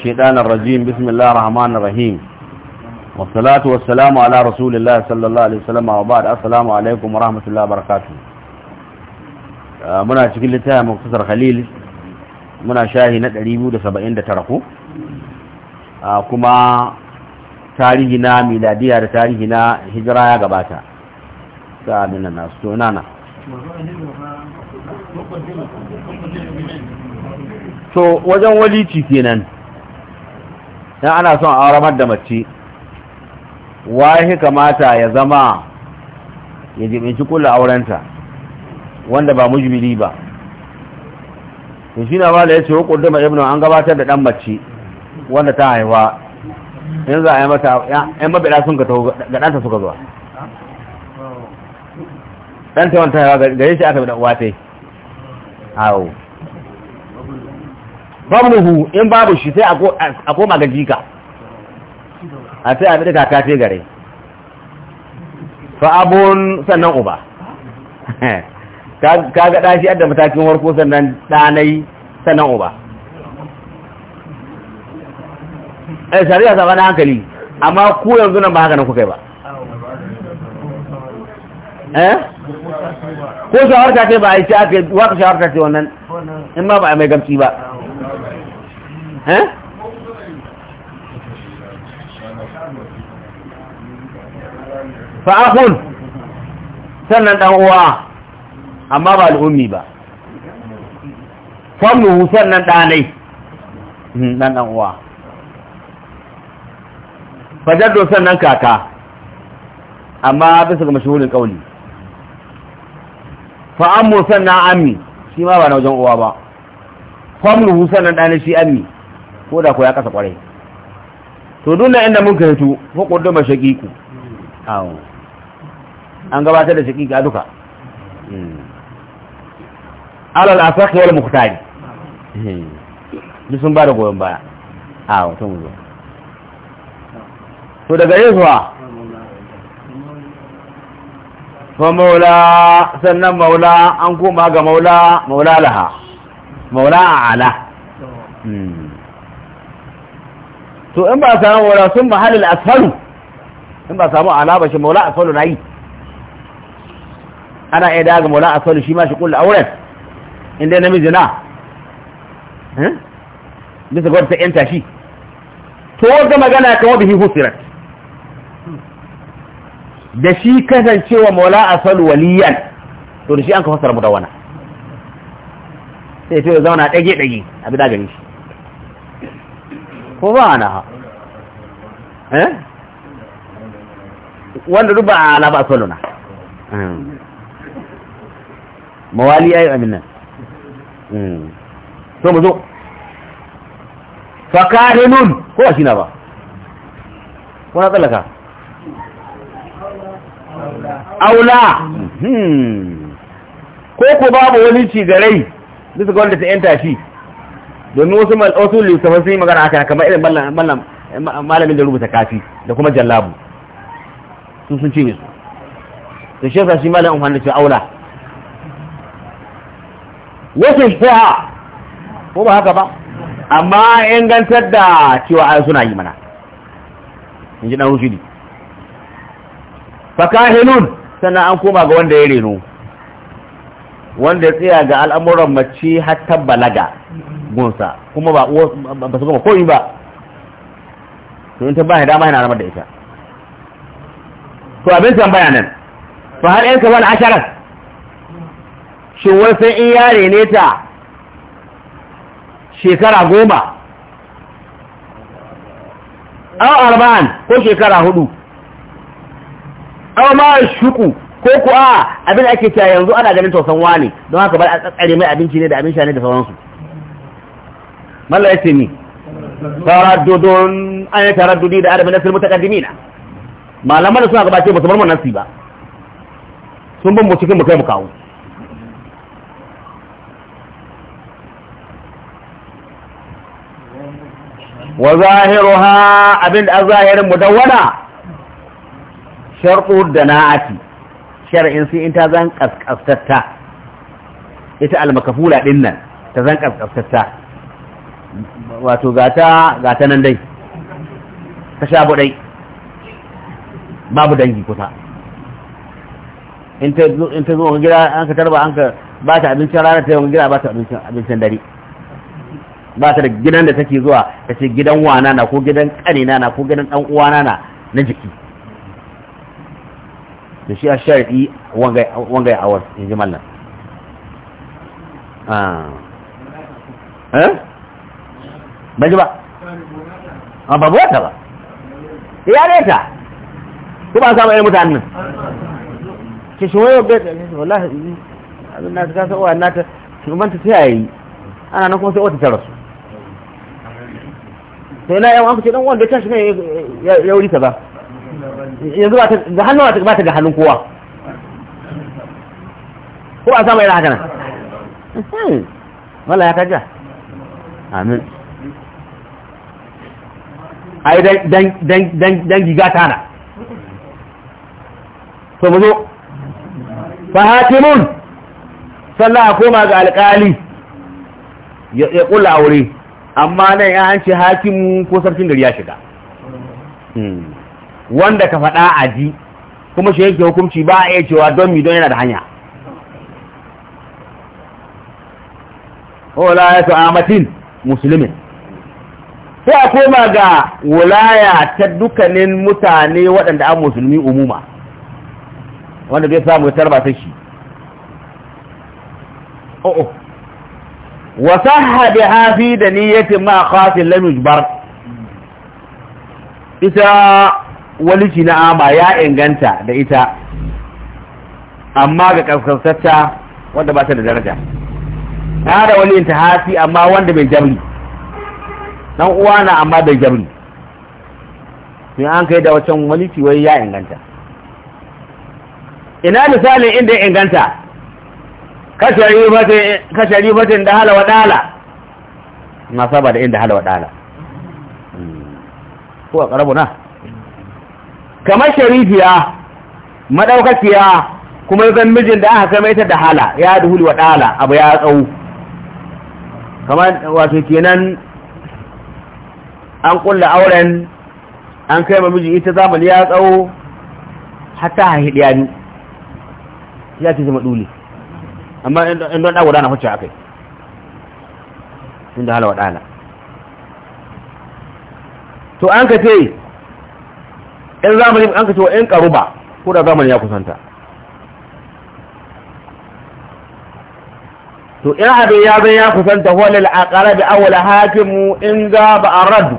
الشيطان الرجيم بسم الله الرحمن الرحيم والصلاة والسلام على رسول الله صلى الله عليه وسلم وبعد السلام عليكم ورحمة الله وبركاته منا شكل لتها مختصر خليل منا شاهي ندريبو دا سبعين دا تركو كما تاريخنا ميلادية دا تاريخنا هجرايا قباتا سامنا الناس تونانا to wajen walici kenan dan ana son auramar da mace wahi kamata ya zama ya jibinci kula aurenta wanda ba mujbili ba to shi na ba da ya ce hukun dama ibnu an gabatar da dan mace wanda ta haifa yanzu a yi mata yan mabida sun ka taho ga ɗanta suka zuwa ɗanta wanta ga gare shi aka bi da uwa ta yi famuhu in babu shi sai a koma ga jika a sai a bi daga kaka gare fa abun sannan uba ka ga ɗashi yadda matakin warko sannan ɗanai sannan uba eh shari'a sama na hankali amma ku yanzu nan ba haka nan kuka yi ba eh ko shawarta ce ba a yi ce ake waka shawarta ce wannan in ma ba a mai gamci ba fa'akun sannan ɗan uwa amma ba al'ummi ba famuhu sannan ɗanai ɗan ɗan uwa fajaddo sannan kaka amma bisa ga mashahurin ƙauli fa'ammu sannan ammi shi ma ba na wajen uwa ba famuhu sannan ɗanai shi ammi ko da ko ya kasa kwarai to duk nan inda mun hito ko koddo ma shakiku awo an gabatar da a duka hmm. alal asaq wal muqtadi hmm. duk sun ba da goyon baya awo to mu zo to daga yesuwa fa maula sannan maula an koma ga maula maula laha maula ala hmm. to in ba a samu wala sun mahalil asfalu in ba a samu alaba shi maula asfalu yi. ana iya daga maula asfalu shi ma shi kulle auren inda namiji na eh, bisa gwada ta yanta shi to wanda magana kan wabihi husirat da shi kasancewa maula asfalu waliyan to da shi an ka fasara wana sai to ya zauna dage dage bi da gani shi Ko eh? ba فضانها ha, wanda duk ba a laba solona hmm. mawali ayi aminan so hmm. mu zo fa fakahinun ko a na ba ko na tsallaka aula hmm. ko ku babu wani cigarai bisa ga wanda ta yanta shi domin wasu wasu littafan sun yi magana aka kamar irin malamin da rubuta kafi da kuma jallabu sun sun ce su da shi yasa shi malamin umar da ce aula wasu shi'a ko ba haka ba amma ingantar da cewa ai suna yi mana in ji dan rushidi fakahilun sannan an koma ga wanda ya reno wanda ya tsaya ga al'amuran mace har ta balaga gunsa kuma ba ba su gama koyi ba to in ta ba dama yana ramar da ita to abin san bayanan fa har yanka wani asharar shin wani sai in yare ne ta shekara goma aw arba'an ko shekara hudu aw ma shuku ko ku a abin ake cewa yanzu ana ganin tausan wani don haka ba a tsare mai abinci ne da abin sha ne da sauransu malla ya ce ni taraddudun an yi taraddudi da adamin nasir mutakaddimina malaman da suna gabata ba su bar mu nasi ba sun ban mu cikin mu kai mu kawo wa zahiruha abin da zahirin mudawwana sharqu dana'ati shar'in sai in ta zan ita dinnan ta zan wato gata gata nan dai ta sha budai babu dangi kusa in ta zo gida an ka tarba an ka ba ta abincin rana ta yi gida ba ta abincin dare ba ta da gidan da take zuwa ta ce gidan wana na ko gidan kanina na ko gidan dan uwana na na jiki da shi a wanga wangai awar in ji mallan ah. eh bai ba ah, a babu wata ba ya ta ko ba samu irin mutanen ki shi wayo bai da shi wallahi abin na ta sa'uwa na ta shugabanta ta yayi ana nan kuma sai wata ta rasu sai na yawan fice dan wanda ta shi ne ya wuri ta ba yanzu ba ta ga hannun ba ta ga hannun kowa ko ba samu irin haka nan wala ya kaja amin ai dan giga tana to mu zo fahatimun sannan a koma ga alkali ya kula aure amma na ya hanci hakimu ko sarkin gari ya shiga hmm. wanda ka faɗa a ji kuma shi yake hukunci ba a iya cewa don mi don yana da hanya ola ya su amatin musulmin sai a koma ga wulaya ta dukkanin mutane waɗanda an musulmi umuma wanda bai samu ya tarba ta shi oh, oh. wasahha bi hafi da niyyatin ma khasin lam bar. ita waliki na ama ya inganta da ita amma ga kaskantacca wanda ba ta da daraja ta da wali ta hafi amma wanda bai jabri dan uwa na amma bai jabri sai an kai da wacan wani ciwai ya inganta ina misali inda ya inganta kashari fatin da hala halawa dala saba da inda wa dala hmm. ko a karabu na kamar sharifiya madaukakiya kuma zan mijin da aka kama ita da hala ya duhul wa dala abu ya tsawo kamar wato kenan an kulla auren an kai mamiji ita zamani ya tsawo hatta hidiya ni ya ce zama dole amma in don ɗagwada na hucce a kai inda halawa ɗala to an ka ce in zamani an ka ce wa in ba ko da zamani ya kusanta to in abin ya zai ya kusanta huwa lil da awula hakimu in za ba a radu.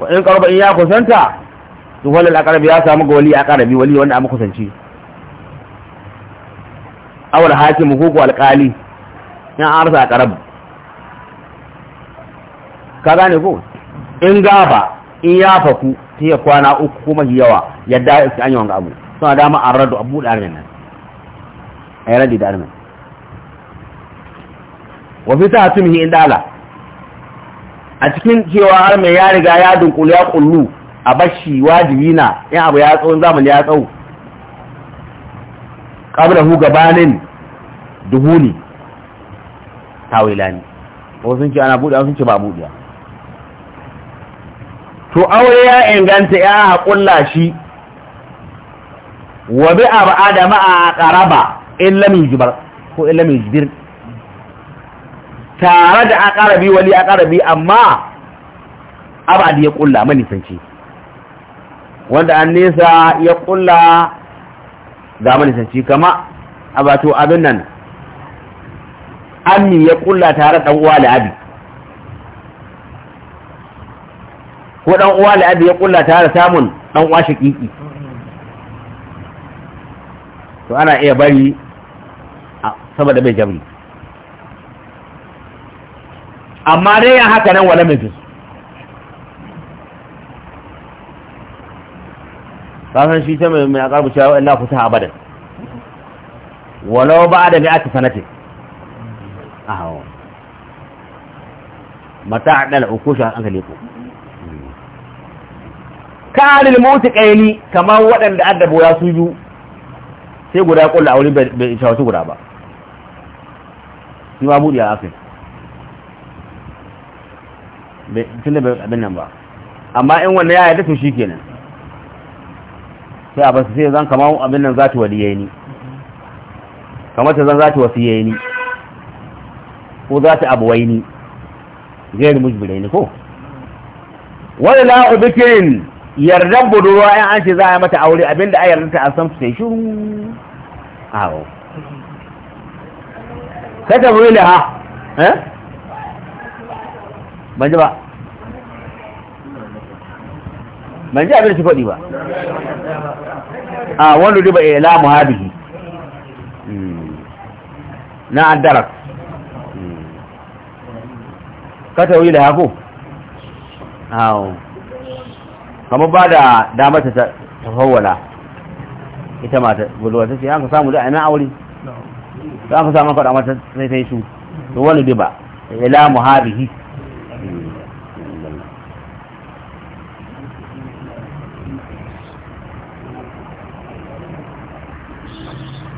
wa in karba in ya kusanta to walal aqrabi ya samu ga wali aqrabi wali wanda amma kusanci awal hakim ko alqali ya arsa aqrab ka gane ko in gaba in ya faku sai ya kwana uku kuma yawa yadda iska san yi wanga abu to da ma rado abu da armen nan a yi radi da armen wa fi ta tumhi indala a cikin cewa har mai ya riga ya dunkulu ya kullu a bashi wajibi na in abu ya tsawon zamani ya tsawo qablahu gabanin duhuli tawilani Ko sun ce ana buɗe sun ce ba buɗe to aure ya inganta ya haƙulla shi wa bi abu adama a ƙaraba in lamijibar ko in lamijibir? tare da akarabi wali akarabi amma abadi ya kulla sanci. wanda an nesa ya kulla ga sanci, kama abato abin nan ammi ya kulla tare da uwa da abi ko dan uwa da abi ya kulla tare samun dan uwa shakiki to ana iya bari saboda bai jabri amma dai ya haka nan wala mutum kasan shi ta mai mai akarbu cewa illa ku ta abadan walau ba da mi'ati sanatin ahawo mata dal ukusha an gale ku kalil mauti kaini kamar waɗanda dabo ya yi sai guda a wuri bai shawarci guda ba shi ma budi a Afirka. tun da bai abin nan ba amma in wanda ya yarda to kenan sai a basu sai zan kama abin nan za ta yi ni kamar ta zan za ta yi ni ko za ta abuwai ni gairu mujbirai ni ko wani la'u bikin yardar budurwa yan an ce za a mata aure abinda a yarda ta an san su sai shuru awo ka tafi da ha eh ban ji ba ban ji abin da su faɗi ba a wanda riba ila haɗihi hmm. na addarar hmm. ka tauri da haku hau kamar ba da damar ta tafawala ita mata budurwa ta ce an ka samu da ainihin aure ta an ka samu faɗa mata sai ta yi su wani riba ila haɗihi